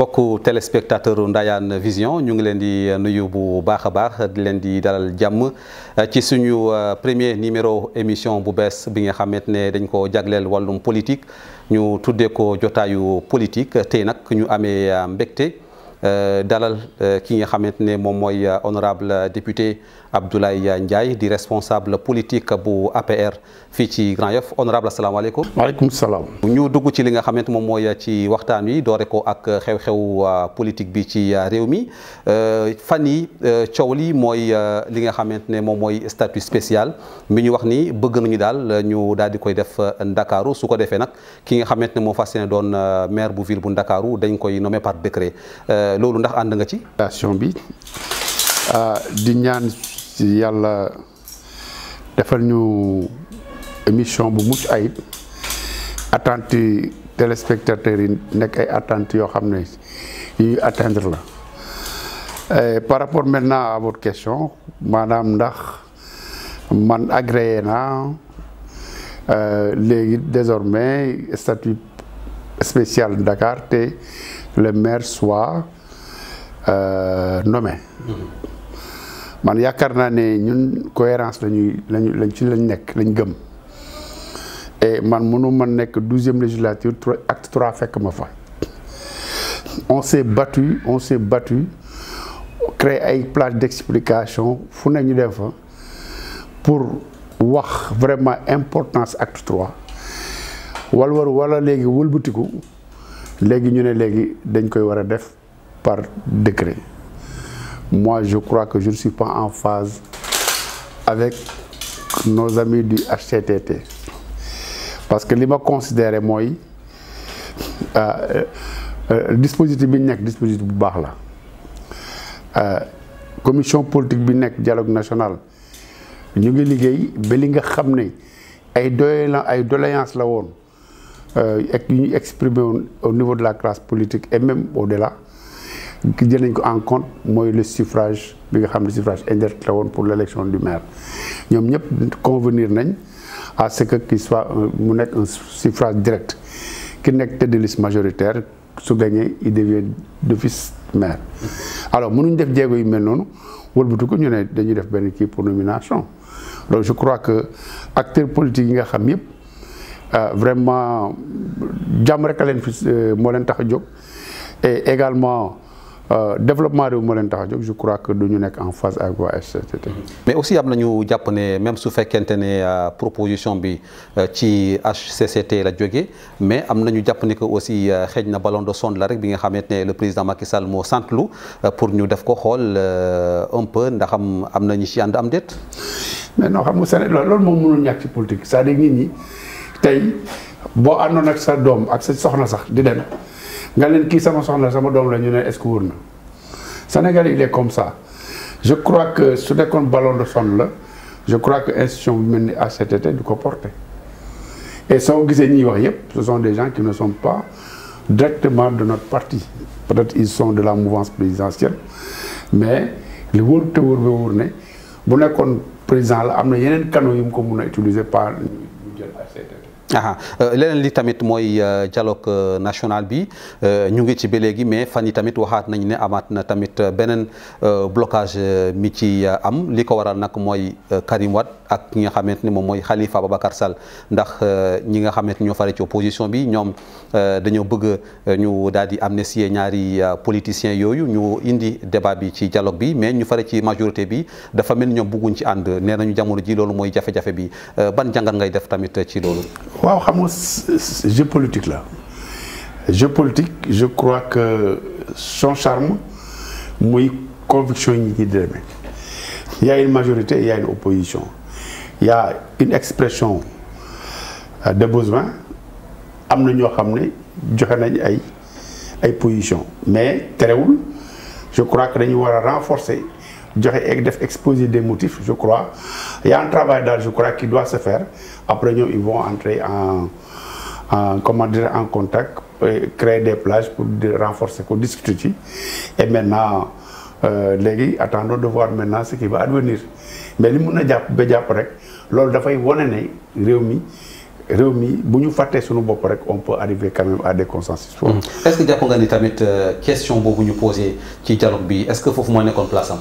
mbokku téléspectateur Ndayane Vision ñu ngi leen di nuyu bu baax a baax di leen di dalal jàmm eh, ci suñu eh, premier numéro émission bu bees bi nga xamante ne dañ ko jagleel wàllum politique ñu tuddee ko jotaayu politique tey nag ñu amee eh, mbégte. Euh, dalal euh, ki nga xamante ne moom mooy euh, honorable député Abdoulaye Ndiaye di responsable politique bu APR fii ci Grand Yoff honorable asalaamaaleykum. waaleykum salaam. ñu dugg ci li nga xamante moom mooy ci waxtaan wi doore ko ak xew-xew politique bi ci réew mi fan yi coow li mooy li nga xamante ne moom mooy statut spécial mi ñu wax nii bëgg nañu daal ñu daal di koy def Ndakaaru su ko defee nag ki nga xamante ne moo fas yéene doon maire bu ville bu Ndakaaru dañ koy nommé par décret. loolu ndax ànd nga ci. station bi ah, di ñaan ci yàlla defal ñu émission bu mucc ayib attente téléspectateurs yi nekk ay attentes yoo xam ne yuy atteindre la. Et par rapport maintenant à votre question maanaam ndax man agréé naa euh, léegi désormais statut spécial Dakar te le maire soit Euh, nommé mhm. man yaakaar naa ne ñun cohérence lañuy lañu lañ ci lañ nekk lañ gëm et man mënu man nekk douzième législature acte trois fekk ma fa on s'est battu on s'est battu créé ay plage d'explication fu ne ñu dem fa pour wax vraiment importance acte trois walwar wala léegi wëlbatiku léegi ñu ne léegi dañ koy war a def par décret. Moi, je crois que je ne suis pas en phase avec nos amis du HCTT. Parce que li m'a considéré, mooy euh, euh, dispositif bi nekk dispositif bu baax la euh, commission politique bi nekk dialogue national ñu ngi liggéey ba li nga xam ne ay doléances ay doléances la woon euh, ak yu ñu exprimé woon au niveau de la classe politique et même au-delà jël nañ ko en compte mooy le suffrage bi nga xam ne suffrage indirect la woon pour du maire ñoom ñëpp convenir nañ à que qu'il soit mu nekk un direct ki nekk tête de majoritaire su gagné il devient d'office maire alors mënuñ def jéego yu mel noonu wëlbatu ko ñu ne dañuy def benn kii pour nomination donc je crois que acteurs politiques yi nga xam yëpp euh, vraiment jàmm rek a leen fi euh, moo leen tax a jóg et également Euh, développement réew moo leen tax a jóg je crois que du ñu nekk en phase ak HCCT. mais aussi am nañu jàpp ne même su fekkente ne euh, proposition bi euh, ci HCCT la jógee mais am na ñu jàpp ne que aussi xëy na ballon de sonde la rek bi nga xamante ne le président Macky Sall moo sant lu pour ñu def ko xool un peu ndaxam am am na ñu ci am déet. mais non xam nga Sénégal lool moom mënul ñàkk ci politique c'est-à-dire nit tey boo àndoon ak sa doom ak sa soxna sax di dem. nga leen kii sama soxna sama doom la ñu ne est-ce que wóor Sénégal il est comme ça je crois que su nekkoon ballon de sonde la je crois que institution bu mel ni HCCT du ko porter et soo gisee ñuy wax yépp ce sont des gens qui ne sont pas directement de notre parti peut-être ils sont de la mouvance présidentielle mais li wóor te wóor ba ne bu nekkoon président la am na yeneen canaux yu mu ko mun utiliser par aha euh, leneen li tamit mooy euh, dialogue euh, national bi ñu ngi ci ba léegi mais fan yi tamit waxaat nañ ne amaat na tamit Euh, beneen euh, blocage euh, mi ci am li ko waral nag mooy Karim ak ñi nga xamante ni moom mooy Khalifa Ababacar Sall ndax ñi nga xamante ni ñoo fare ci opposition bi ñoom dañoo bëgg ñu daal di amnistie ñaari politiciens yooyu ñu indi débat bi ci dialogue bi mais ñu fare ci majorité bi dafa mel ni ñoom bëgguñ ci ànd nee nañu jamono ji loolu mooy jafe-jafe bi ban jàngat ngay def tamit ci loolu. waaw xam nga jeu politique la jeu politique je crois que son charme. muy conviction yi ñi di demee il y a une majorité il une opposition il une expression euh, de besoin am na ñoo xam ne joxe nañ ay ay position mais terewul je crois que dañu war a renforcer joxe ak def exposer des motifs je crois il y a un travail daal je crois qui doit se faire après ñoom ils vont entrer en en comment dire en contact créer des plages pour renforcer ko discuter ci et maintenant euh, léegi attendons de voir maintenant ce qui va advenir mais li mun a jàpp ba jàpp rek loolu dafay wane ne réew mi réew mi bu ñu fàttee suñu bopp rek on peut arriver quand même à des consensus. Mmh. est-ce jàpp nga ni tamit euh, question boobu ñu posé ci dialogue bi est-ce que foofu moo nekkoon place am.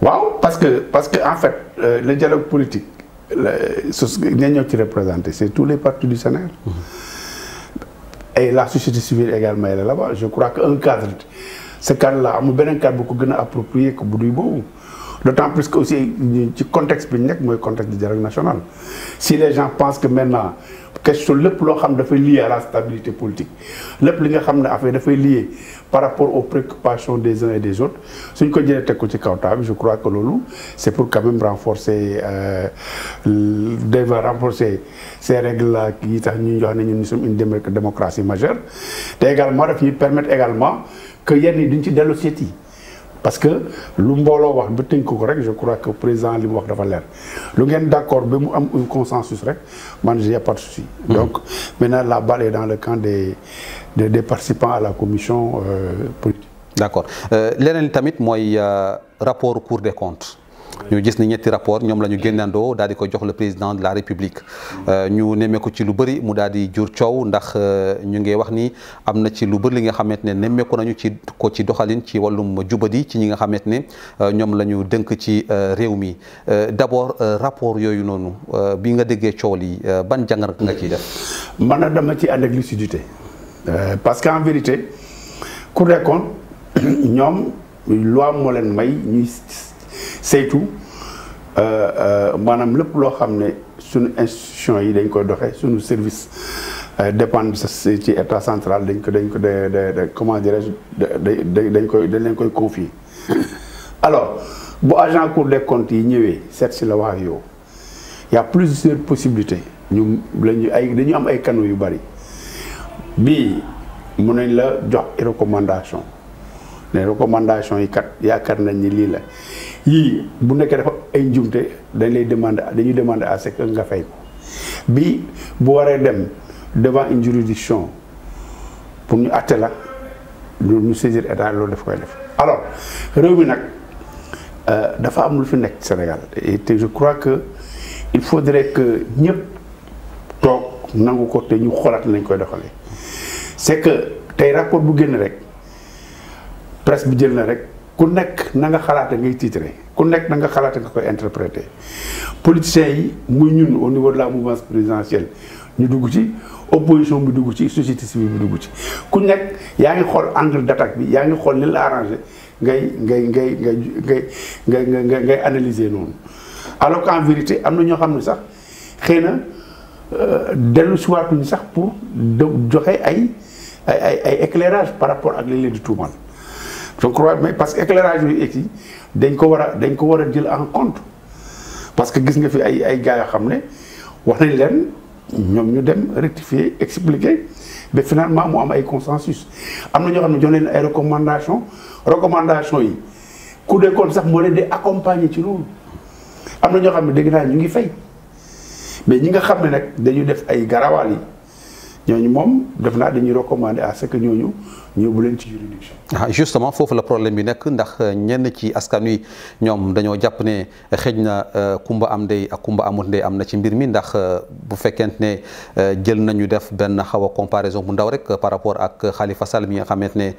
waaw parce que parce que en fait euh, le dialogue politique la su nga ñëw ci représenté c'est tous les partis du Sénégal. Mmh. et la société civile également elle est là-bas je crois que un cadre ce cadre là amul beneen cadre bu ko gën a approprié que bu duy boobu d' plus que aussi ci contexte bi ñu nekk mooy contexte du dialogue national si les gens pensent que maintenant question lépp loo xam dafay lié à la stabilité politique lépp li nga xam ne affaire dafay lié par rapport aux préoccupations des uns et des autres suñ ko jëlee teg ko ci kaw table je crois que loolu c'est pour quand même renforcer euh, dafa renforcer ces règles là yi tax ñu jox ne ñun nous sommes une démocratie majeure te également daf ñuy permettre également que yenn yi duñ ci dellu seet yi parce que lu mbooloo wax ba tënk ko rek je crois que président li mu wax dafa leer lu ngeen d'accord ba mu am un consensus rek man j'ai pas de souci mmh. donc maintenant la balle dans le camp des des des participants à la commission euh, politique. d' accord euh, leneen tamit mooy euh, rapport cour des comptes. ñu gis ni ñetti rapport ñoom la ñu génnandoo daal di ko jox le président de la république ñu nemmeeku ci lu bëri mu daal di jur coow ndax ñu ngi wax ni am na ci lu bëri li nga xamante ne nemmeeku nañu ci ko ci doxalin ci wàllum jubadi ci ñi nga xamante ne ñoom la ñu dënk ci réew mi d' abord rapport yooyu noonu bi nga déggee coow li ban jàngat nga ciy def. maanaam dama ci ànd ak lucidité. Euh, parce que en vérité Cour des comptes ñoom loi moo leen may ñuy saytu euh, euh, maanaam lépp loo xam ne suñu institution yi dañ koy doxe suñu service sa dépendre ci état central dañ ko dañ ko de de comment dirais-je dañ koy dañ leen koy confier alors bu agent Cour des comptes yi ñëwee seet si la wax ak yow y a plusieurs possibilité ñu la ay dañu am ay canaux yu bari bii mun nañ la jox ay recommandation les recommandations yi kat yaakaar nañ ni lii la yii bu nekkee dafa ay njumte dañ lay demander dañuy demander à ce nga fay ko bii bu waree dem devant une juridiction pour ñu àtte la ñu saisir état loolu def koy def alors réew mi nag euh, dafa am lu fi nekk Sénégal te je crois que il faudrait que ñëpp toog nangu ko te ñu xoolaat lañ koy doxalee c'est que tey rapport bu génn rek presse bi jël na rek ku nekk na nga xalaate ngay titre ku nekk na nga xalaate nga koy interpréter politiciens yi muy ñun au niveau de la mouvance présidentielle ñu dugg ci opposition bi dugg ci société civile bi dugg ci ku nekk yaa ngi xool angle d'attaque bi yaa ngi xool ni la arrangé ngay ngay ngay ngay ngay ngay ngay ngay analyser noonu alors en vérité am na ñoo xam ne sax xëy na euh, dellu siwaatuñu sax pour joxe ay ay ay ay éclairage par rapport ak li leen di tuumal je crois mais parce que éclairage yooyu aussi dañ ko war a dañ ko war a jël en compte parce que gis nga fi ay ay gars yoo xam ne wax nañu leen ñoom ñu dem rectifier expliquer mais finalement mu am ay consensus am na ñoo xam ne jox leen ay recommandation recommandation yi ku nekkoon sax moo leen di accompagner ci loolu am na ñoo xam ne dégg naa ñu ngi fay mais ñi nga xam ne nag dañu def ay garawaal yi ñooñu moom def naa dañuy recommander à ce que ñooñu ñu yóbbu ci juridiction. ah justement foofu la problème bi nekk ndax euh, ñenn ci askan wi ñoom dañoo jàpp ne euh, xëj na euh, kumba am ndey ak kumba amut ndey am na ci mbir mi ndax bu fekkente ne jël nañu def benn xaw a comparaison bu ndaw rek par rapport ak Khalifa Sall mi nga xamante ne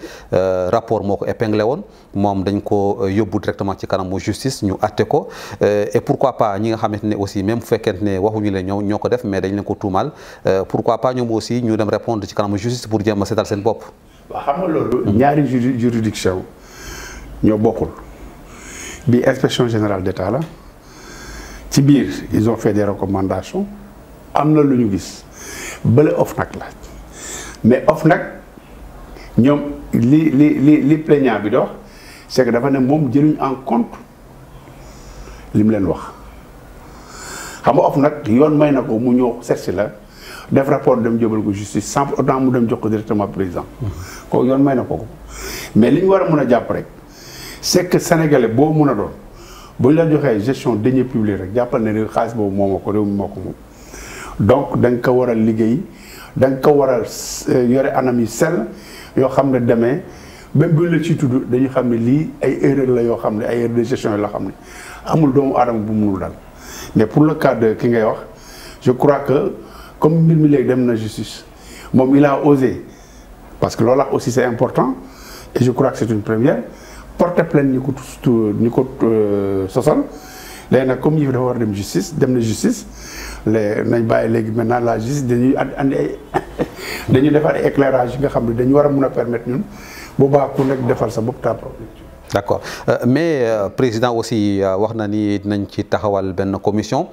rapport moo ko épinglé woon moom dañ ko yóbbu directement ci kanamu justice ñu atte ko et pourquoi pas ñi nga xamante ne aussi même bu fekkente ne ñoo ko def mais dañ ko tuumaal pourquoi pas ñoom aussi ñu dem répondre ci kanamu justice pour jéem a seetal seen bopp. waa xam nga loolu. ñaari juridiction ñoo bokkul bi inspection générale d'État la ci biir ils ont fait des recommandations am na lu ñu gis bële OFNAC la mais nag ñoom li li li li plaignant bi dox c'est que dafa ne moom jëluñ en compte li mu leen wax xam nga OFNAC yoon may na ko mu ñëw seet si la def rapport dem jëbal ko justice sans autant mu dem jox ko directement président. ko yoon may na ko mais li ñu war a mën a jàpp rek c'est que sénégalais boo mun a doon bu ñu la joxee gestion deniers publics rek jàppal ne réew xaalis boobu moo ma ko réew mi moo ko moom donc da ko war a liggéey da nga ko war a euh, yore anam yi sell yoo xam ne demee même bu la ci tudd dañu xam ne lii ay erreur la yoo xam ne ay erreur de gestion yi la xam ne amul doomu aadama bu munul dal mais pour le cas ki ngay wax je crois que comme mbir mi léegi dem na justice moom il osé parce que loola aussi c'est important et je crois que c'est une première porte plainte ñi ko ñi ko euh, sosal léegi nag comme yëf dafa war a dem justice dem na justice les nañ bàyyi léegi maintenant la justice dañuy andi ay dañuy defar ay éclairage nga xam ne dañu war a mun a permettre ñun bu baax ku nekk defal sa bopp ta problème d' accord euh, mais euh, président aussi euh, wax na ni dinañ ci taxawal benn commission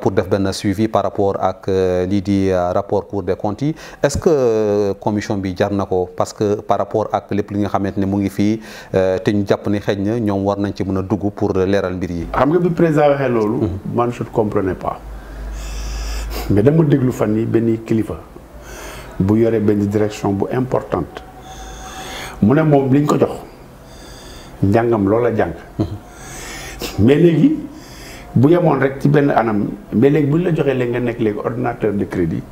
pour def benn suivi par rapport ak lii di rapport cour des comptes yi est ce que commission bi jar na ko parce que par rapport ak lépp li nga xamante ni mu ngi fii te ñu jàpp ni xëy na ñoom war nañ ci mën a dugg pour leeral mbir yi. xam nga bi président waxee loolu. Mhm. man su ne comprenais pas mais dama déglu fan yi benn kilifa bu yore benn direction bu importante mu ne moom liñ ko jox. njàngam loola jàng mais léegi bu yemoon rek ci benn anam mais léegi bu ñu la joxee léegi nga nekk léegi ordinateur de crédit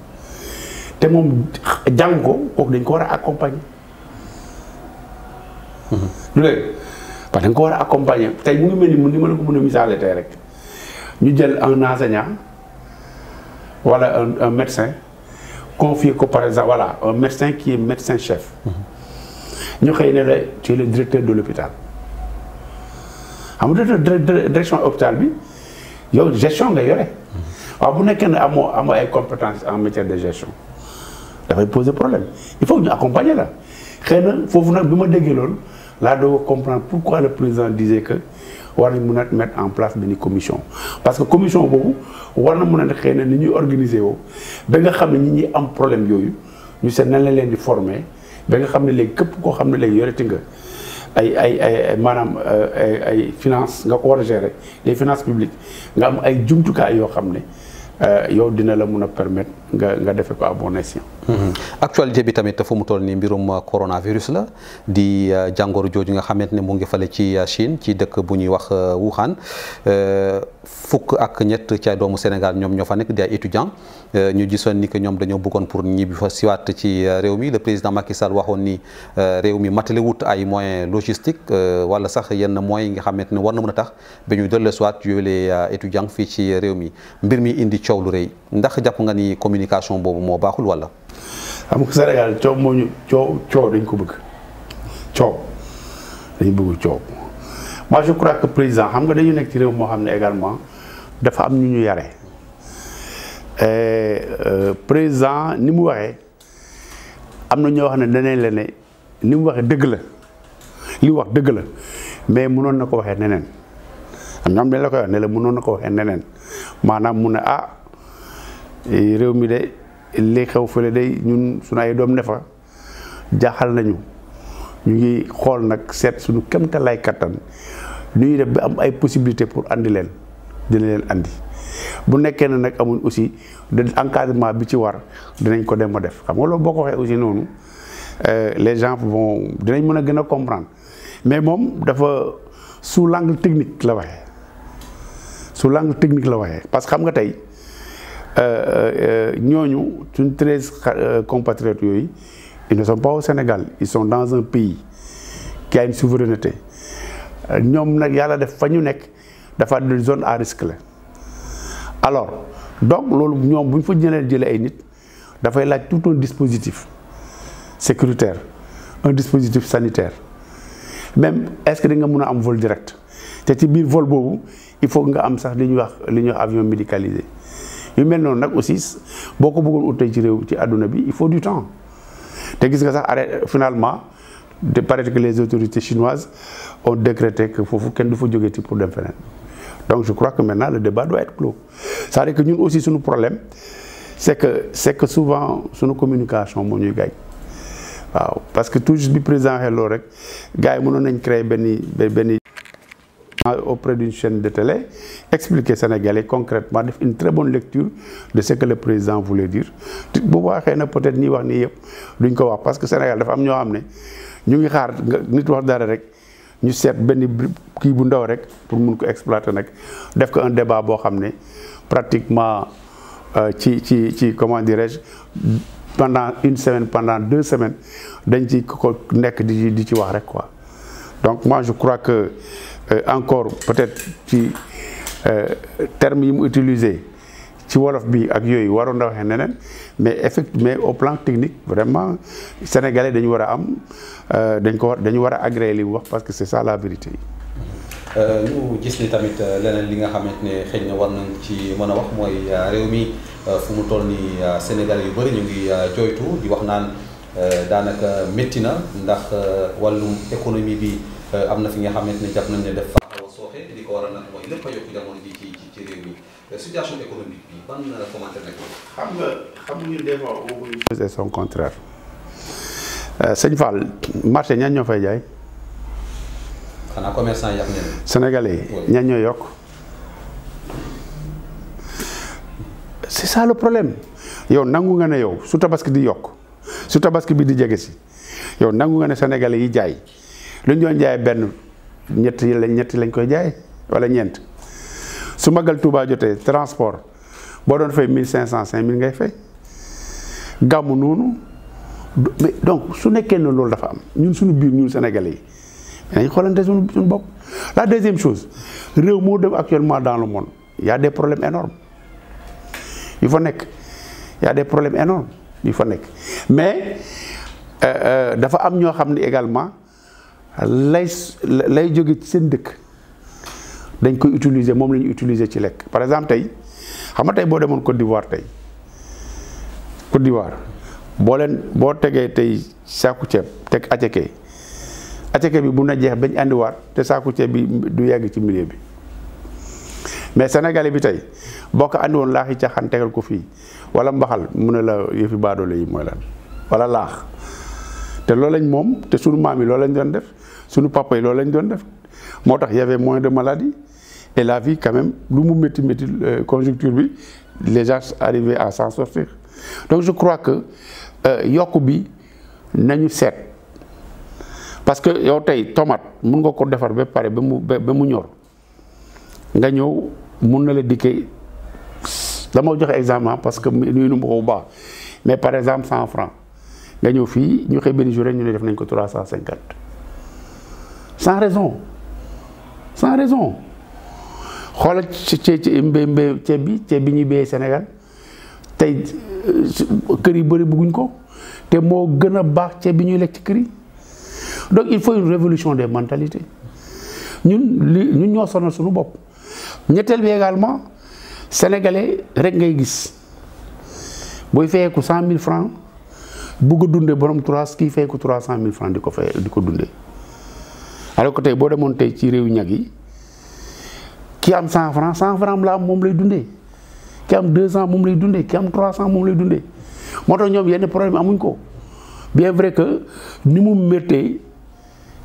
te moom jàng ko kooku dañ ko war a accompagner. du léegi parce dañ ko war a accompagner tey mu ngi mel ni mu ni ma la ko mën a misaale tey rek ñu jël un enseignant wala un un médecin confié ko par exemple voilà un médecin qui est médecin chef. Mhm. ñu xëy ne la ci le directeur de l'hôpital xam nga direction hôpital bi yow gestion nga yore waaw bu nekkee ne amoo amoo ay compétences en matière de gestion dafay poser problème il faut ñu accompagner la xëy na foofu nag bi ma déggee loolu laa doog a comprendre pourquoi le président disait que war nañ mun a mettre en place benn commission parce que commission boobu war na mun a xëy na ni ñuy organiser woo ba nga xam ne ñi ñuy am problème yooyu ñu seet nan la leen di former ba nga xam ne léegi képp koo xam ne léegi yoreti nga ay ay ay maanaam euh, ay finance nga ko war a gérer les publiques nga am ay jumtukaay yoo xam ne euh, yow dina la mun a permettre nga nga defe ko à bon escient. Mhm. actualité bi tamit fu mu toll nii mbirum coronavirus la di euh, jàngoro jooju nga xamante ne mu ngi fale ci euh, Chine ci dëkk bu ñuy wax euh, Wuhan fukk ak ñett ci doomu Sénégal ñoom ñoo fa nekk di ay étudiants ñu jisoon ni que ñoom dañoo bëggoon pour ñibbi fa siwaat ci réew mi le président Macky Sall waxoon nii réew mi matale wut ay moyens logistiques wala sax yenn moyens yi nga xamante ne war na mën a tax ba ñu dellu siwaat yooyu les étudiants fii ci réew mi mbir mi indi coow lu communication boobu moo baaxul wala. xam nga Sénégal coow moo ñu coow coow dañ ko bëgg coow dañu bëgg coow moi je crois que président xam nga dañu nekk ci réew moo xam ne également dafa am ñu ñu yare euh, président ni mu waxee am na ñoo xam ne danañ la ne mu waxee dëgg la li wax dëgg la mais mënoon na ko waxee neneen am ñoom dañ la neneen maanaam mu ne ah, Eh, réew mi de li xew fële day ñun suñu ay doom ne fa nañu ñu ngi xool nag seet suñu kemtalaay kattan nu ñuy def bi am ay possibilité pour andi leen dina leen andi bu nekkee ne nag amuñ aussi de encadrement bi ci war dinañ ko dem a def xam nga loolu boo ko waxee aussi noonu euh, les gens dinañ mën a gën a comprendre mais moom dafa sous l'angle technique la waxee sous l'angle technique la waxee parce que xam nga tey. Euh, euh, euh, ñooñu suñ treize compatriotes yooyu ils ne sont Sénégal ils sont dans un pays qui a souveraineté ñoom nag yàlla def fa ñu nekk dafa zone à risque la alors donc loolu ñoom bu ñu fa jëlee jëlee ay nit dafay laaj tout un dispositif sécuritaire un dispositif sanitaire même est-ce que di nga mun a am vol direct te ci biir vol boobu il faut nga am sax li ñuy wax li ñu wax avion médicalisé yu mel noonu nag aussi boo ko bëggoon ut tey ci réew ci àdduna bi il faut du temps te gis nga sax arrêt finalement de paraître que les autorités chinoises on décrété que foofu kenn du fa jógeeti pour dem feneen donc je crois que maintenant le débat doit être clos cest à que ñun aussi suñu problème c'est que c'est que souvent suñu communication moo ñuy gaañ waaw parce que toujours bi président xeloo rek gars yi mënoon nañ créer benn benn auprès d'une chaîne de télé expliquer Sénégalais concrètement def une très bonne lecture de ce que le président voulait dire bu waxee na peut-être ñi wax nii yëpp duñ ko wax parce que Sénégal dafa am ñoo xam ne ñu ngi xaar nit wax dara rek ñu seet benn kii bu ndaw rek pour mun ko exploiter nag def ko un débat boo xam ne pratiquement euh, ci ci ci comment dirais-je pendant une semaine pendant deux semaines dañ ci ko nekk di di ci wax rek quoi donc moi je crois Euh, encore peut-être ci euh, terme yi mu utilisé ci wolof bi ak yooyu waroon na waxee neneen mais effect mais au plan technique vraiment sénégalais dañu war a am euh, dañ ko war dañu war a agréé li mu wax parce que c'est ça la vérité. ñu gis ni tamit leneen li nga xamante ne xëy na war nañ ci mën a wax mooy réew mi fu mu toll nii Sénégal yu bëri ñu ngi jooytu di wax naan daanaka métti na ndax wàllum économie bi. Euh, am na fi nga xamante nañ ne son contraire euh, sëñ Fall marché ñan ñoo fay jaay. xanaa commerçant yi ak ñoo yokk. c'est ça le problème yow nangu nga ne yow su tabaski di yokk su tabaski bi di jege si yow nangu nga ne sénégalais yi jaay. lu ñu doon jaay benn ñett lañ ñetti lañ koy jaay wala ñeent su magal Touba jotee transport boo doon fay mille cinq cent cinq mille ngay fay gàmmu noonu donc su nekkee ne loolu dafa am ñun suñu biir ñun Sénégalais yi dañuy xoolante suñu suñu bopp. la deuxième chose réew moo dem actuellement dans le monde y a des problèmes énormes yu fa nekk y a des problèmes énormes yu fa nekk mais euh, euh, dafa am ñoo xam ne également. lay lay jóge seen dëkk dañ koy utiliser moom la ñu ci lekk par exemple tey xam nga tey boo demoon Côte d'Ivoire tey Côte boo leen boo tegee tey saaku ceeb teg aceke aceke bi bu na jeex bañ àndiwaat te saaku ceeb bi du yàgg ci milieu bi mais sénégalais bi tey boo ko àndi woon laax yi caxaan tegal ko fii wala mbaxal mu ne la yëfi baadoole yi mooy lan wala laax te loolu lañ moom te sunu maam yi loolu lañ doon def suñu papa yi loolu lañ doon def moo tax y avait moins de maladie et la vie quand même lu mu métti métti euh, conjoncture bi les gens arrivaient cent s'en sortir donc je crois que euh, yokk bi nañu seet parce que yow tey tomat mun nga ko defar ba pare ba mu ba mu ñor nga ñëw mun na la dikkee dama joxe exemple ah, parce que nuyu nu ma ko bu mais par exemple cent francs nga ñëw fii ñu xëy benn jour ñu ne def nañ ko trois cent cinquante sans raison san raison xoolal ci ci mbé ceeb bi ceeb bi ñuy béyee Sénégal tey euh, kër yi bëri bëgguñ ko te moo gën a baax ceeb bi ñuy lekk ci kër yi donc il faut une révolution des mentalités ñun li ñun ñoo sonal suñu bopp. ñetteel bi également sénégalais rek ngay gis booy fayeeku cent mille francs bugg a dundee borom trois kii fayeeku trois mille francs di ko fay di ko dundee. alors que tey boo demoon tey ci réew ñag yi ki am cent franc cent franc la am moom lay dundee ki am deux cent moom lay dundee ki am trois cent moom lay dundee moo tax ñoom yenn problème amuñ ko bien vrai que ni mu méttee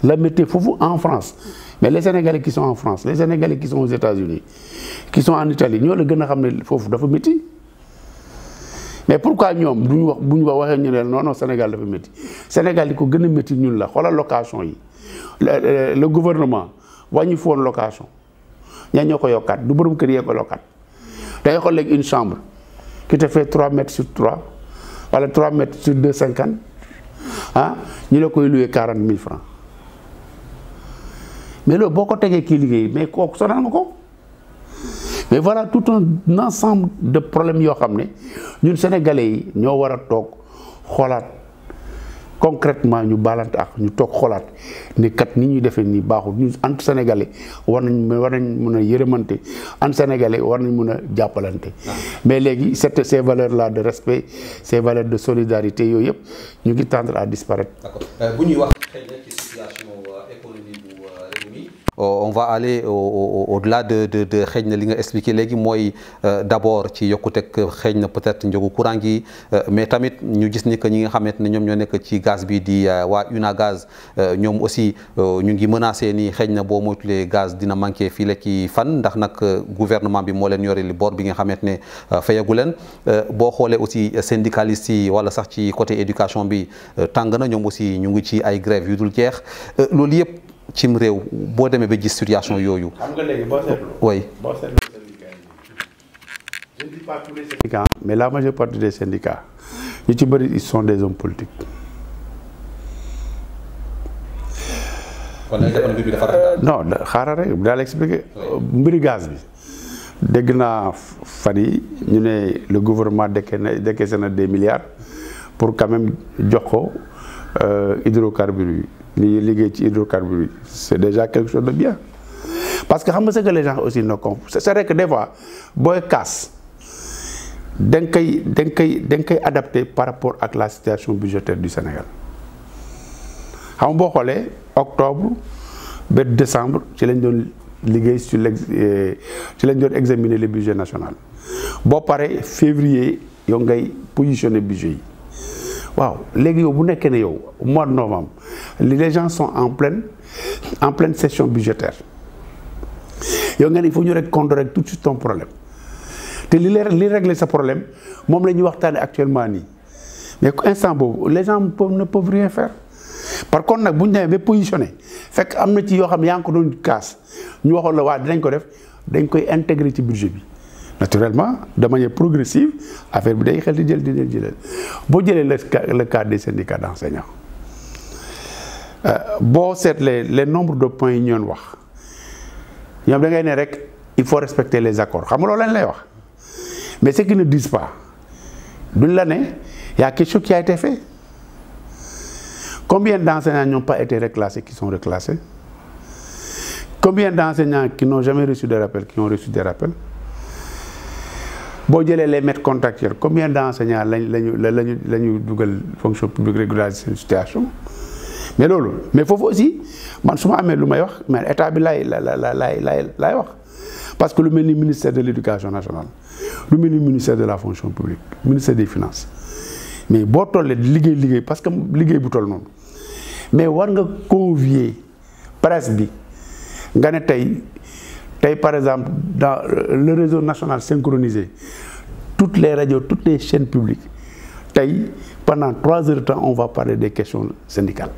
la mettee foofu en France mais les Sénégalais qui sont en France les Sénégalais qui sont aux États-Unis qui sont en Italie ñoo la gën a xam ne foofu dafa métti mais pourquoi ñoom ñu wax bu ñu wax waxee ñu ne non non Sénégal dafa métti Sénégal di ko gën a métti ñun la xoolal location yi le gouvernement wàññi fi woon location ña ñoo ko yokkaat du borom kër yee ko yokkaat da nga xool léegi une chambre qui te fait 3 mètres sur 3 wala 3 mètres sur 2,50 ah ñu la koy loué 40 000 francs mais loolu boo ko tegee kii liggéey mais kooku sonal nga ko. mais voilà tout un ensemble de problème yoo xam ne ñun sénégalais yi ñoo war a toog xoolaat concrètement ñu baalante ak ñu toog xoolaat ne kat ni ñuy defee nii baaxul ñu entre sénégalais war nañ war nañ mën a yërëmante entre sénégalais war nañ mun a jàppalante. mais léegi cette ces valeurs la de respect ces valeur de solidarité yooyu yëpp ñu ngi tendre à disparaître. Euh, on va aller au-delà de de de xëy na li nga expliqué léegi mooy euh, d'abord ci yokkuteg xëy na peut-être njëgu courant gi euh, mais tamit ñu gis ni que ñi nga xamante ne ñoom ñoo nekk ci gaz bi di waa Unagaz ñoom aussi ñu ngi menacé ni xëy na boo moytulee gaz dina manqué fii la ci fan ndax nag gouvernement bi moo leen yore li bor bi nga xamante ne fayagu leen boo xoolee aussi syndicalistes yi wala sax ci côté éducation bi tàng na ñoom aussi ñu ngi ci ay grève yu dul jeex loolu yëpp cim réew boo demee ba gis situation yooyu. xam mais la majeure partie des syndicats ñu ci bëri ils sont des hommes politiques. kon mbir bi dafa euh, daal expliqué. mbiri gaz bi. dégg naa fan yi ñu ne le gouvernement dekke na dekke na des milliards pour quand même jox ko euh, hydrocarbures li liggéey ci hydrocarbures yi c' est déjà quelque chose de bien parce que xam nga ce que les aussi ne comprennent c' est vrai que des booy kaas da nga koy da koy da koy adapté par rapport ak la situation budgétaire du Sénégal xam nga boo xoolee octobre ba décembre ci lañ doon liggéey sur l' euh, ci lañ doon examiner le budget national boo paree février yow ngay positionné budget yi. waaw léegi yow bu nekkee ne yow mois de novembre les gens sont en pleine en pleine session budgétaire yow nga ne il faut ñu répondre rek tout de suite problème te li lay li régler sa problème moom la ñuy waxtaanee actuellement nii mais instant boobu les gens ne peuvent rien faire par contre nag bu ñu demee ba positionné fekk am na ci yoo xam yaa ngi ko doon kaas ñu waxoon la waa dinañ ko def dañ koy intégrer ci budget bi. naturellement de manière progressive affaire bi day xel di jël di leen boo jëlee le le cas des syndicats d'enseignants euh, boo seetlee les nombre de points yi ñoon wax ñoom da ngay ne rek il faut respecter les accords xam nga loolu lañ lay wax mais ce qu'ils ne disent pas duñ la ne y a quelque chose qui a été fait combien d'enseignants n'ont pas été reclassés qui sont reclassés combien d'enseignants qui n'ont jamais reçu de rappel qui ont reçu des rappels boo jëlee les maîtres contractuels combien d' enseignants lañ lañu lañu la ñu dugal fonction publique régulariser seen situation mais loolu mais foofu aussi man su ma amee lu may wax mais état bi laay la la la laay wax parce que lu mel ni ministère de l' éducation nationale lu mel ni ministère de la fonction publique ministère des finances mais boo tollee liggéey liggéey parce que liggéey bu toll noonu mais war nga convier presse bi nga ne tey tey par exemple dans le réseau national synchronisé toutes les radios toutes les chaînes publiques tey pendant trois heures de temps on va parler des questions syndicales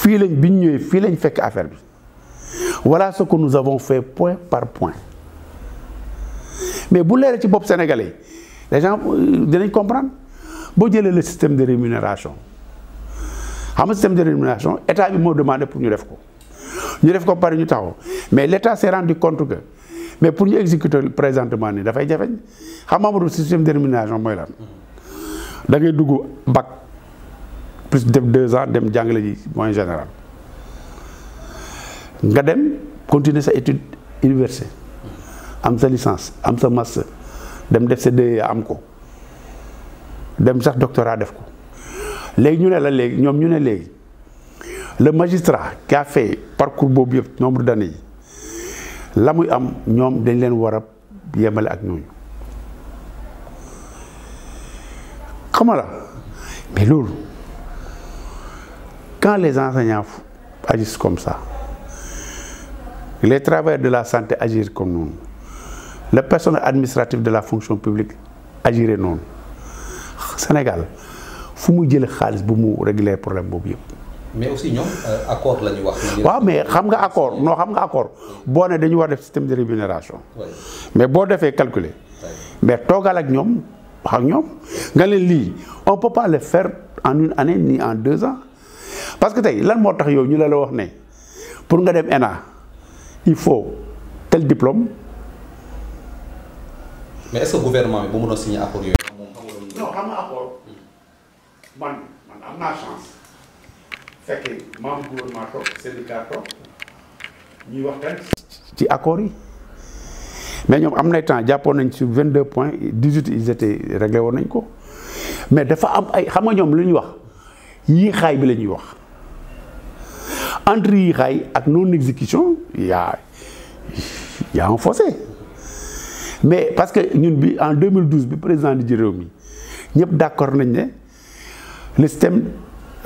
fii lañ bi ñu ñëwee fii lañ fekk affaire bi voilà ce que nous avons fait point par point mais bu leeree ci bopp sénégalais les gens euh, dinañ comprendre boo jëlee le système de rémunération xam nga système de rémunération état bi moo demandé pour ñu def ko. ñu def ko pare ñu taxaw mais l' état s' est compte que mais pour ñu exécuter présentement nii dafay jafeñ xam nga système de rémunération mooy lan da ngay dugg bac plus def deux ans dem jàngale ji moyen général nga dem continuer sa étude université am sa licence am sa master dem def sa DEA am ko dem sax doctorat def ko léegi ñu ne la léegi ñoom ñu ne léegi. le magistrat qui a parcours boobu yëpp nombre d'années yi la muy am ñoom dañ leen war a yemale ak ñooñu xamala la mais loolu quand les enseignants agissent comme ça les travers de la santé agir comme noonu le personne administratif de la fonction publique agiré noonu Sénégal fu mu jël xaalis bu mu régler problème boobu yëpp mais aussi ñoom euh, accord la ñu wax. waaw mais xam nga accord non xam nga accord boo ne dañu war def système de rémunération. mais boo defee calculer. mais toogal ak ñoom ak ñoom nga leen lii on peut pas le en une année ni en deux ans parce que tey lan moo tax yow ñu la la wax ne pour nga dem ENA il faut tel diplôme. mais est-ce que gouvernement bi mu mënoon signer accord yooyu. non fekkee membre ñuy waxtaan ci accords yi mais ñoom am nay temps jàppoon nañ ci vingt deux points dix huit ils étaient woon nañ ko mais dafa am ay xam nga ñoom lu ñuy wax yii xaay bi la ñuy wax entre yii xaay ak non exécution yaa yaa un mais parce que ñun bi en 2012 bi président di ji réew mi ñëpp d'accord nañ ne le système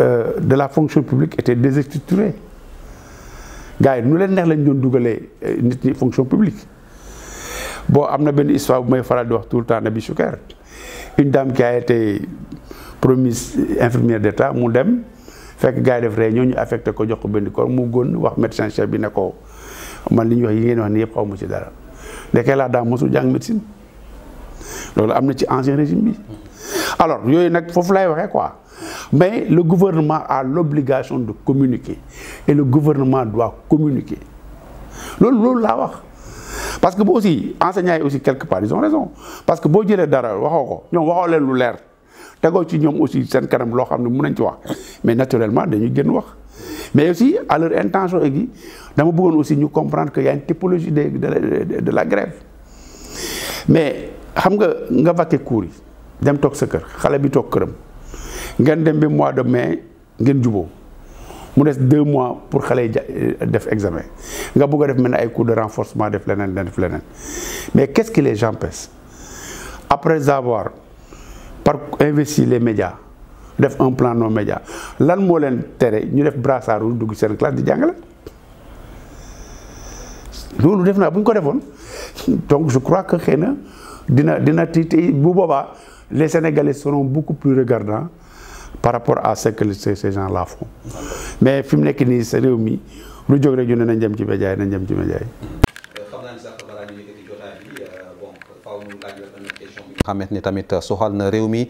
euh, de la fonction publique était déséquilibré gars yi nu leen neex lañ doon dugalee euh, nit ñi fonction publique boo am na benn histoire bu may faral di wax tout le temps bi Choucair une dame qui a été promise infirmière d'état mu dem fekk gars yi def réunion ñu affecté ko jox ko benn corps mu góon wax médecin bi ne ko man li ñuy wax yi ngeen wax ni yëpp xaw ma ci dara ndeke laa daam mosul jàng médecine loolu am na ci ancien régime bi alors yooyu nag foofu lay waxee quoi Mais le gouvernement a l'obligation de communiquer. e le gouvernement doit communiquer. loolu loolu laa wax parce que bu aussi enseignants yi aussi quelque part ils ont raison parce que boo jëlee dara waxoo ko ñoom waxoo lu leer tegoo ci ñoom aussi seen kanam loo xam ne mun nañ ci wax mais naturellement dañuy gën wax mais aussi à leur intention aiguë dama bëggoon aussi ñu comprendre que y a une typologie de de de la grève mais xam nga nga vaquer cours yi dem toog sa kër xale bi toog këram ngeen dem ba mois de mai ngeen juboo mu des deux mois pour xale yi euh, def examen nga bugg a def mel ne ay cours de renforcement def leneen def leneen mais qu'est-ce que les gens pensent après avoir par investi les médias def un plan non média lan moo leen tere ñu def brassard rouge dugg seen classe di jàngale loolu def naa bu ñu ko defoon donc je crois que xëy na dina dina tiit bu boobaa les sénégalais seront beaucoup plus regardants par rapport à ce que ces gens mais fi mu nekk nii sa réew mi lu jóg rek ju ne nañ dem ci média yi nañ dem ci média yi. Euh, xam euh, ni tamit euh, soxal na réew mi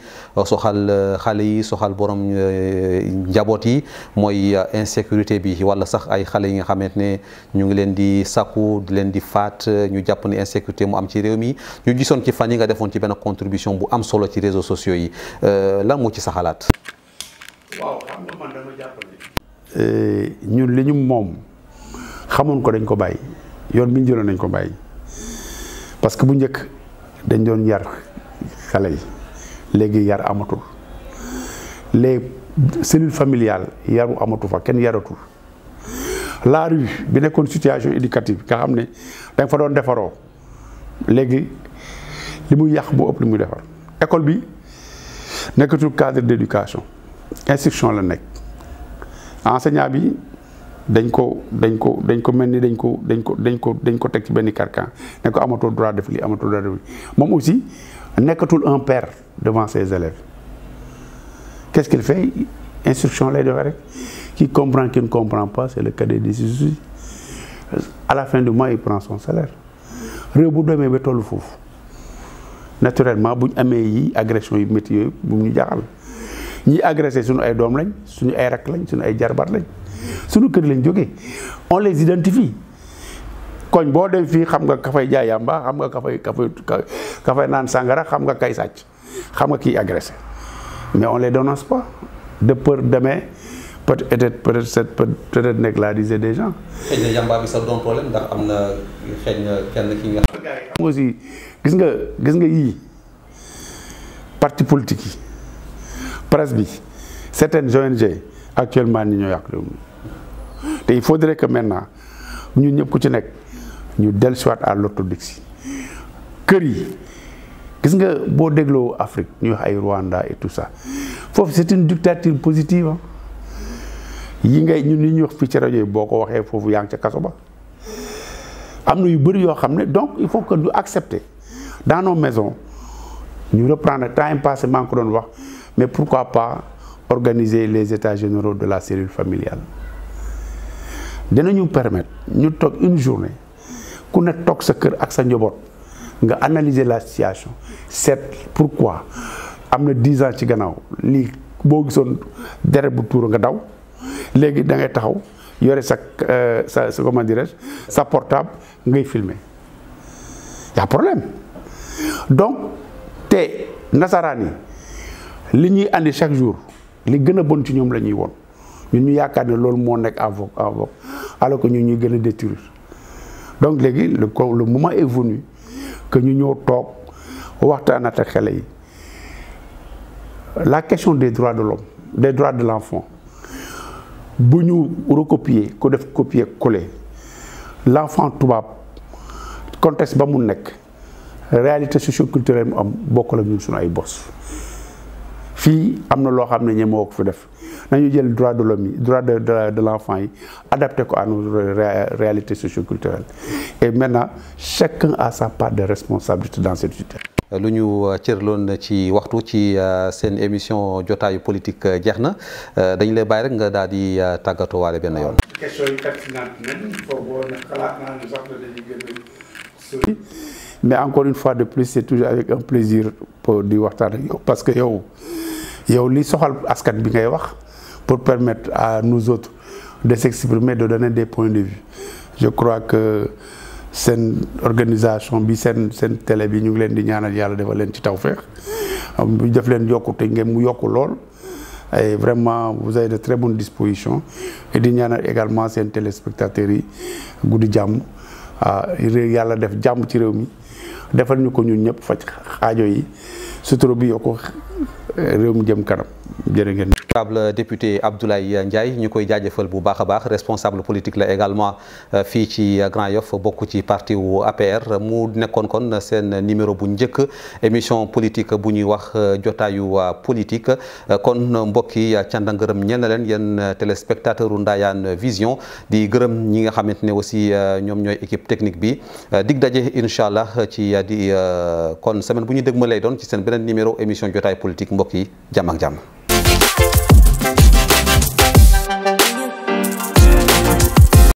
soxal xale yi soxal borom njaboot yi mooy insécurité bi wala sax ay xale yi nga xamante ne ñu ngi leen di sakku di leen di faat ñu jàpp ni insécurité mu am ci réew mi ñu jisoon ci fan yi nga defoon ci benn contribution bu am solo ci réseaux sociaux yi lan moo ci sa xalaat. waaw xam nga eh, ñun li ñu moom xamoon ko dañ ko bàyyi yoon bi ñu nañ ko bàyyi parce que bu njëkk dañ doon yar xale yi léegi yar amatul léegi cellule familiale yaru amatu fa kenn yaratul la rue bi nekkoon situation éducative nga xam ne danga fa doon defaroo léegi li muy yàq bu ëpp li muy defar école bi nekkatul cadre d'éducation instruction la nekk enseignant bi dañ ko dañ ko dañ ko mel ni dañ ko dañ ko dañ ko dañ ko teg ci benn carcan ne ko amatoo droit def lii amatoo droit def lii moom aussi nekkatul un père devant ses élèves qu'est-ce qu'il fait lay defee rek qui comprend qui ne comprend pas c'est le cadet des soucis à la fin du mois il prend son salaire réew bu demee ba tollu foofu naturellement buñ amee yi agression yu métti yooyu bu ñu jaaxal ñi agressé suñu ay doom lañ suñu ay rak lañ suñu ay jarbaat lañ suñu kër lañ jógee on les identifie koñ boo dem fii xam nga ka fay jaay yàmba xam nga ka fay ka naan sàngara xam nga kay sàcc xam nga kii agressé mais on les dénonce pas de peur demain peut-être peut peut-être nekk laa disait des gens. xëy na yàmba bi sax doon problème ndax am na xëy na kenn ki nga. aussi gis nga gis nga yii parti politique yi. presse bi certaines ONG actuellement ni ñoo yàq réew mi te il faudrait que maintenant ñu ñëpp ku ci nekk ñu dellusiwaat à l'orthodoxie kër yi gis nga boo dégloo Afrique ñu wax ay Rwanda et tout ça foofu c'est une dictature positive ah. yi ngay ñun li ñuy wax fii ci rajo yi boo ko waxee foofu yaa ngi ca kaso ba am na yu bëri yoo xam ne donc il faut que ñu accepter daanoo nos maisons ñu reprendre temps passé maa ngi ko doon wax mais pourquoi pas organiser les états généraux de la cellule familiale dinañu permettre ñu toog une journée ku ne toog sa kër ak sa njaboot nga analyser la situation seet pourquoi am na dix ans ci gannaaw lii boo gisoon deret bu tuur nga daw léegi da ngay taxaw yore sa euh, sa sa comment dirais-je sa portable ngay filmer y a problème donc te nasaraan yi li ñuy andi chaque jour li gën a bon ci ñoom la ñuy woon ñun ñu yaakaar ne loolu moo nekk en vogue en vogue alors que ñun ñuy gën a détruire donc léegi le le moment est venu que ñu ñëw toog waxtaan a ak xele yi la question des droits de des droits de l'enfant bu ñu recopier ko def copier coller l'enfant tubaab contexte ba mu nekk réalité socioculturelle mu am bokk la ñun ay bos fii am na loo xam ne ñemoo ko fi def nañu jël droit de l'homme yi droit de de l'enfant yi adapté ko à nos réalités socioculturelles et maintenant chacun a sa part de responsabilité dans cette situation. lu ñu euh, cërloon ci waxtu ci euh, seen émission jotaayu politique euh, jeex na dañ lay bàyyi rek nga daal di tàggatoo waale benn yoon. mais encore une fois de plus c'est toujours avec un plaisir pour di waxtaan rek parce que yow yow li soxal askan bi ngay wax pour permettre à nous autres de s'exprimer de donner des points de vue je crois que seen organisation bi seen seen télé bi ñu ngi leen di ñaanal yàlla defal leen ci tawféex bu def leen yokkute ngeen mu yokku lool et vraiment vous avez de très bonnes disposition di ñaanal également seen téléspectateurs yi guddi jàmm ah yàlla def jàmm ci réew mi defal ñu ko ñun ñëpp faj xaajo yi sutura bi yokku réew mi jëm kanam jërë ngeen honorable député Abdoulaye Ndiaye ñu koy jaajëfal bu baax a baax responsable politique la également euh, fii ci Grand Yoff bokk ci parti wu APR mu nekkoon kon seen numéro bu njëkk émission politique bu ñuy wax euh, jotaayu euh, politique kon mbokk yi cant ak ngërëm ñeel na leen yéen téléspectateur u Ndayane Vision di gërëm ñi nga xamante ne aussi ñoom ñooy équipe technique bi dig daje incha allah ci di kon semaine bu ñu dégg ma lay doon ci seen beneen numéro émission jotaay politique mbokk yi jàmm ak jàmm